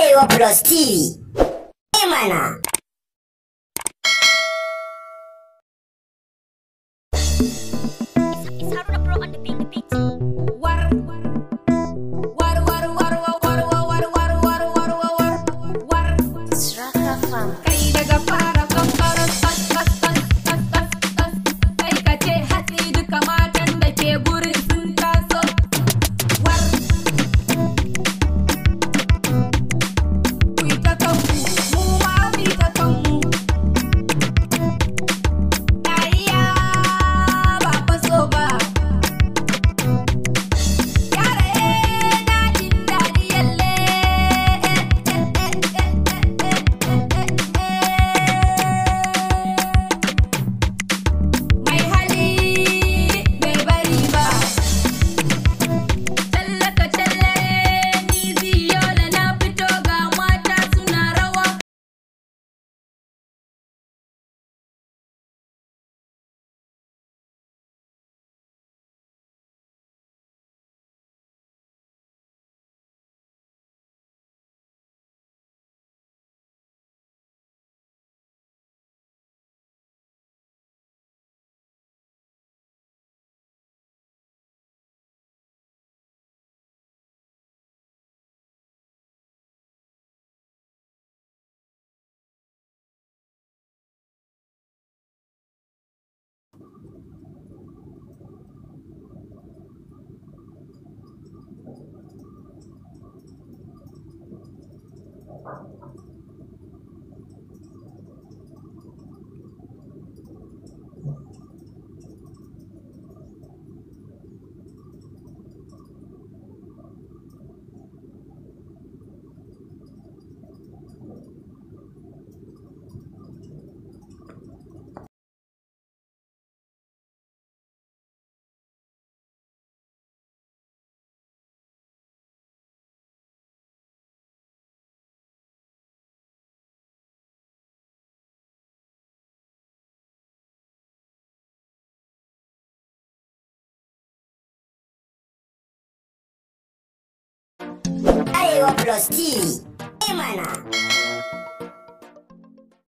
Dewa Bros TV. Gimana? Is, Haruna Bro on the beat? Arewa Plus TV. Emana.